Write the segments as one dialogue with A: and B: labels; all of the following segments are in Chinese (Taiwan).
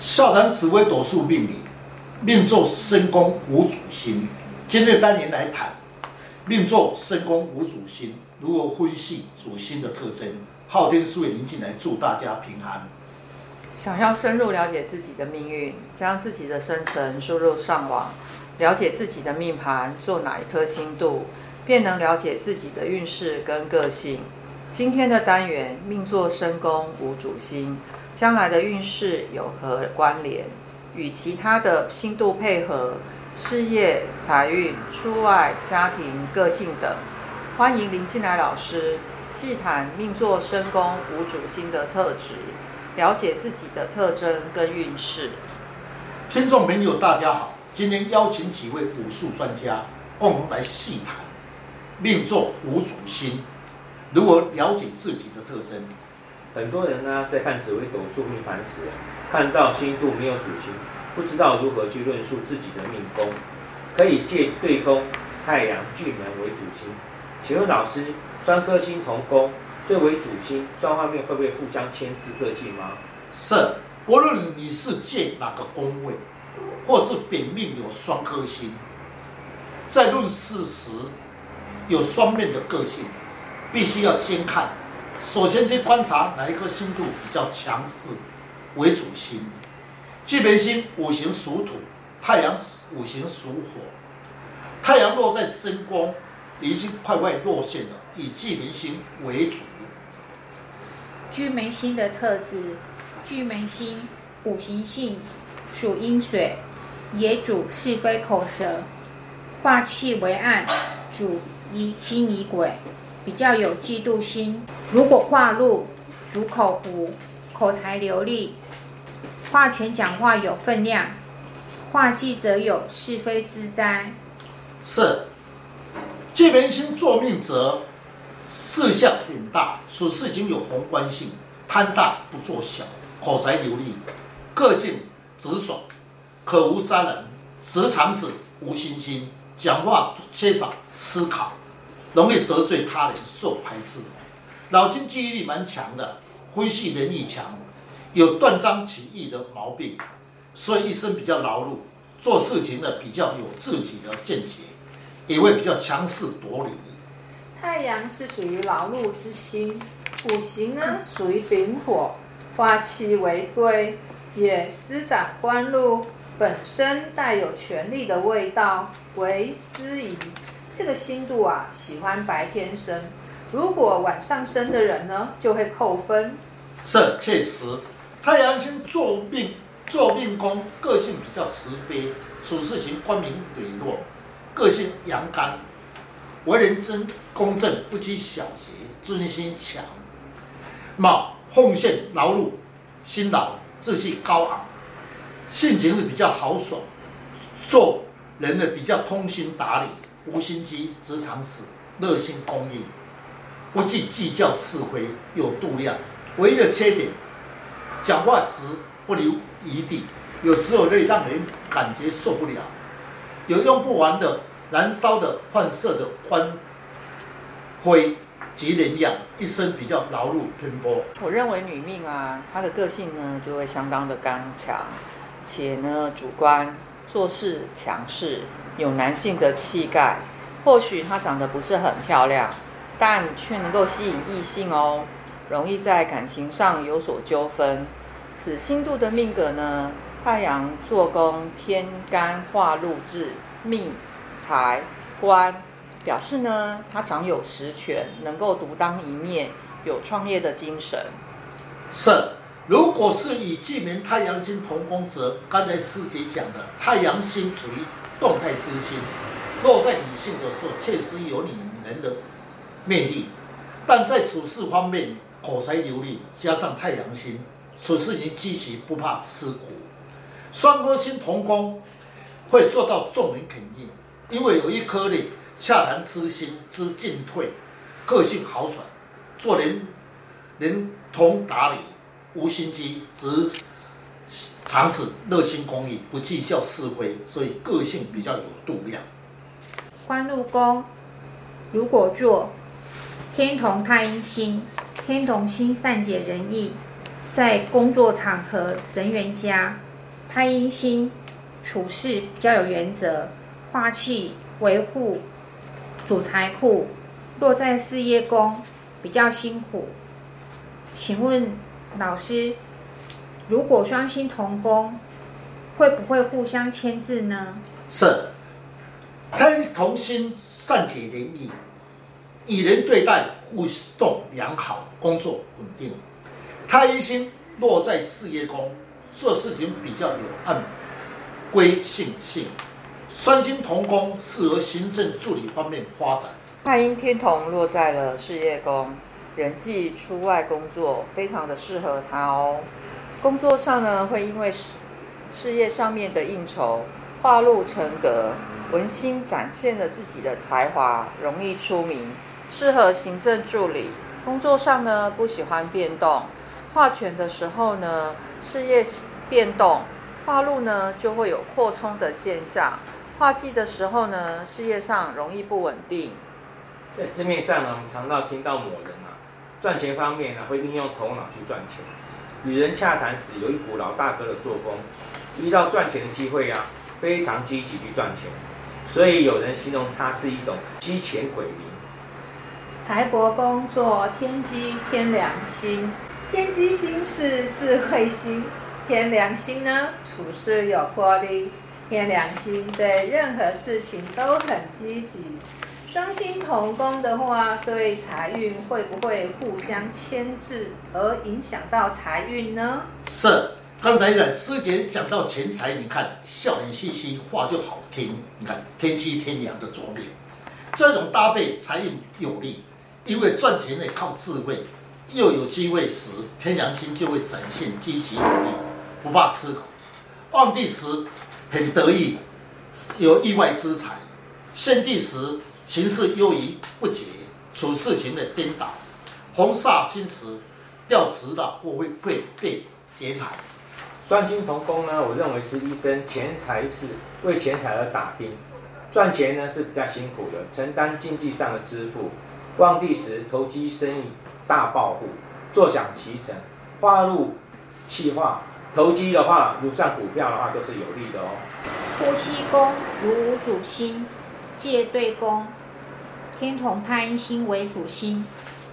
A: 笑談紫微斗數命理，命坐申宮無主星」。今天的單元來談命坐申宮無主星」，如何分析主星的特徵。昊天書院林進來祝大家平安。想要
B: 深入了解自己的命運，將自己的生辰輸入上網，了解自己的命盤，做哪一顆星度，便能了解自己的運勢跟個性。今天的單元命坐申宮無主星」。將來的運勢有何關聯？與其他的星度配合，事業、財運、出外、家庭、個性等，歡迎林進來老師細談命坐申宮無主星的特質，了解自己的特徵
A: 跟運勢。聽眾朋友，大家好，今天邀請幾位武術專家，共同來細談命坐無主星，如
C: 何了解自己的特徵。很多人呢、啊，在看紫微斗數命盤時，看到星度沒有主星，不知道如何去論述自己的命宮，可以借對宮太陽巨門為主星。請問老師，雙顆星同宮，最為主星，雙方面會不會互相牽制個性嗎？是，不
A: 論你是借哪個宮位，或是丙命有雙顆星，在論事時有雙面的個性，必須要先看。首先去觀察哪一顆星度比較強勢為主星。巨門星五行屬土，太陽五行屬火，太陽落在申宮已經快快落陷了，以巨門星為主。
D: 巨門星的特質，巨門星五行性屬陰水，也主是非口舌，化氣為暗，主疑心疑鬼。比較有嫉妒心。如果化祿，主口福，口才流利，化權講話有分量，化忌則有是非之災。
A: 是，這邊心作命者，事項很大，處事已經有宏觀性。貪大不做小，口才流利，個性直爽，可無殺人，直腸子，無心心，講話缺少思考。容易得罪他人，受排斥。腦筋，記憶力蠻強的，詼諧能力強，有斷章取義的毛病，所以一生比較勞碌。做事情呢比較有自己的見解，也會比較強勢奪理。嗯、
E: 太陽是屬於勞碌之星，五行呢屬於丙火，化氣為貴，也施展官祿，本身帶有權力的味道，為司儀。這個星度啊，喜歡白天生，如果晚上生的人呢，就會扣分。
A: 是，確實，太陽星做命，做命宮，個性比較慈悲，處事情光明磊落，個性陽剛，為人真公正，不拘小節，尊心強，冒奉獻勞碌辛勞，志氣高昂，性情是比較豪爽，做人呢，比較通情達理。無心機，直腸死；熱心公益，不計計較是非，有度量。唯一的缺點，講話時不留餘地，有時候可以讓人感覺受不了。有用不完的、燃燒的、換色的寬灰，及能量，一生比較勞碌奔波。
B: 我認為女命啊，她的個性呢就會相當的剛強，且呢主觀。做事強勢，有男性的氣概。或許他長得不是很漂亮，但卻能夠吸引異性哦。容易在感情上有所糾紛。此星度的命格呢，太陽、坐宮、天干化祿至、命、財、官，表示呢他長有實權，能夠獨當一
A: 面，有創業的精神。是。如果是與巨門太陽星同宮者，剛才師姐講的太陽星處於動態之星，落在女性的時候，確實有女人的魅力，但在處事方面口才流利，加上太陽星處事能積極不怕吃苦，雙顆星同宮會受到眾人肯定，因為有一顆的洽談之心知進退，個性豪爽，做人能通達理。無心機，只長此熱心公益，不計較是非，所以個性比較有度量。
D: 官祿宮如果坐天同太陰星，天同星善解人意，在工作場合人緣佳，太陰星處事比較有原則，化氣維護主財庫。落在事業宮比較辛苦。請問？老師，如果雙星同宮，會不會互相簽字呢？
A: 是，太陰同星，善解人意，以人對待互動良好，工作穩定。太陰星落在事業宮，做事情比較有按規性性。雙星同宮，適合行政助理方面發展。
B: 太陰天同落在了事業宮。人際出外工作非常的適合他哦。工作上呢，會因為事事業上面的應酬，化祿成格，文心展現了自己的才華，容易出名，適合行政助理。工作上呢，不喜歡變動。化權的時候呢，事業變動，化祿呢就會有擴充的現象。化忌的時候呢，事業上容易不穩定。在
C: 市面上呢，我們常常聽到某人啊。賺錢方面呢，會運用頭腦去賺錢。與人洽談時有一股老大哥的作風，遇到賺錢的機會啊，非常積極去賺錢。所以有人形容他是一種吸錢鬼靈。
E: 財帛宮坐天機天梁星，天機星是智慧星。天梁星呢處事有魄力，天梁星對任何事情都很積極。雙星同宮的話，對財運會不會互相牽制而影響到財運呢？
A: 是，剛才師姐講到錢財，你看笑臉嘻嘻，話就好聽。你看天機天梁的坐命，這種搭配財運有利，因為賺錢得靠智慧，又有機會時，天梁星就會展現積極努力，不怕吃苦。旺地時很得意，有意外之財；陷地時。行事優疑不決處事情的顛倒，
C: 紅煞金掉吊詞的會會被劫財。雙金同宮呢，我認為是一生錢財是為錢財而打拼，賺錢呢是比較辛苦的，承擔經濟上的支付。旺地時投機生意大暴富，坐享其成。花入氣化投機的話，如上股票的話，都、就是有利的哦。
D: 夫妻宮如無主星。借對宮，天同太陰星為主星，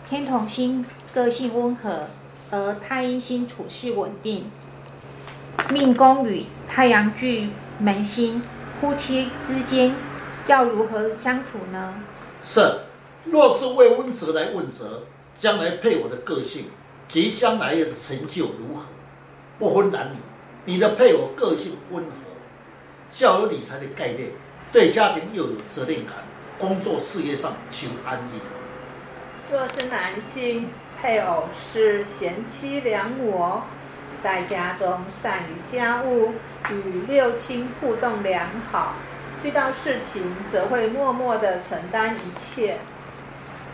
D: 天同星個性溫和，而太陰星處事穩定。命宮與太陽巨門星夫妻之間要如何相處呢？
A: 是，若是為溫澤來問澤，將來配偶的個性及將來的成就如何？不分男女，你的配偶個性溫和，較有理財的概念。對家庭又有責任感，工作事業上求安逸。
E: 若是男性，配偶是賢妻良母，在家中善於家務，與六親互動良好，遇到事情則會默默的承擔一切。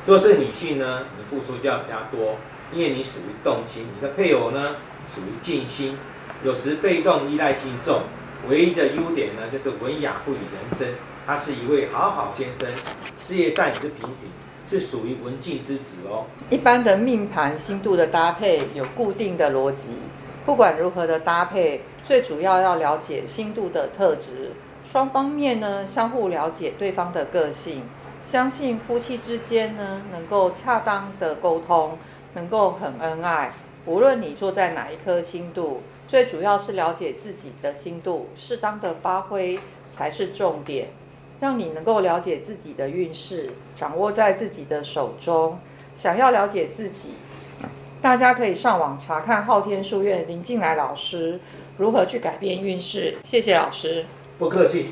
C: 若是女性呢？你的付出就要比較多，因為你屬於動心，你的配偶呢屬於靜心，有時被動依賴心重。唯一的優點呢，就是文雅不與人爭。他是一位好好先生，事業上也是平平，是屬於文靜之子哦。
B: 一般的命盤星度的搭配有固定的邏輯，不管如何的搭配，最主要要了解星度的特質，雙方面呢相互了解對方的個性，相信夫妻之間呢能夠恰當的溝通，能夠很恩愛。無論你坐在哪一顆星度。最主要是了解自己的心度，適當的發揮才是重點，讓你能夠了解自己的運勢，掌握在自己的手中。想要了解自己，大家可以上網查看昊天書院林進來老師如何去改變運勢。謝謝老師，
A: 不客氣。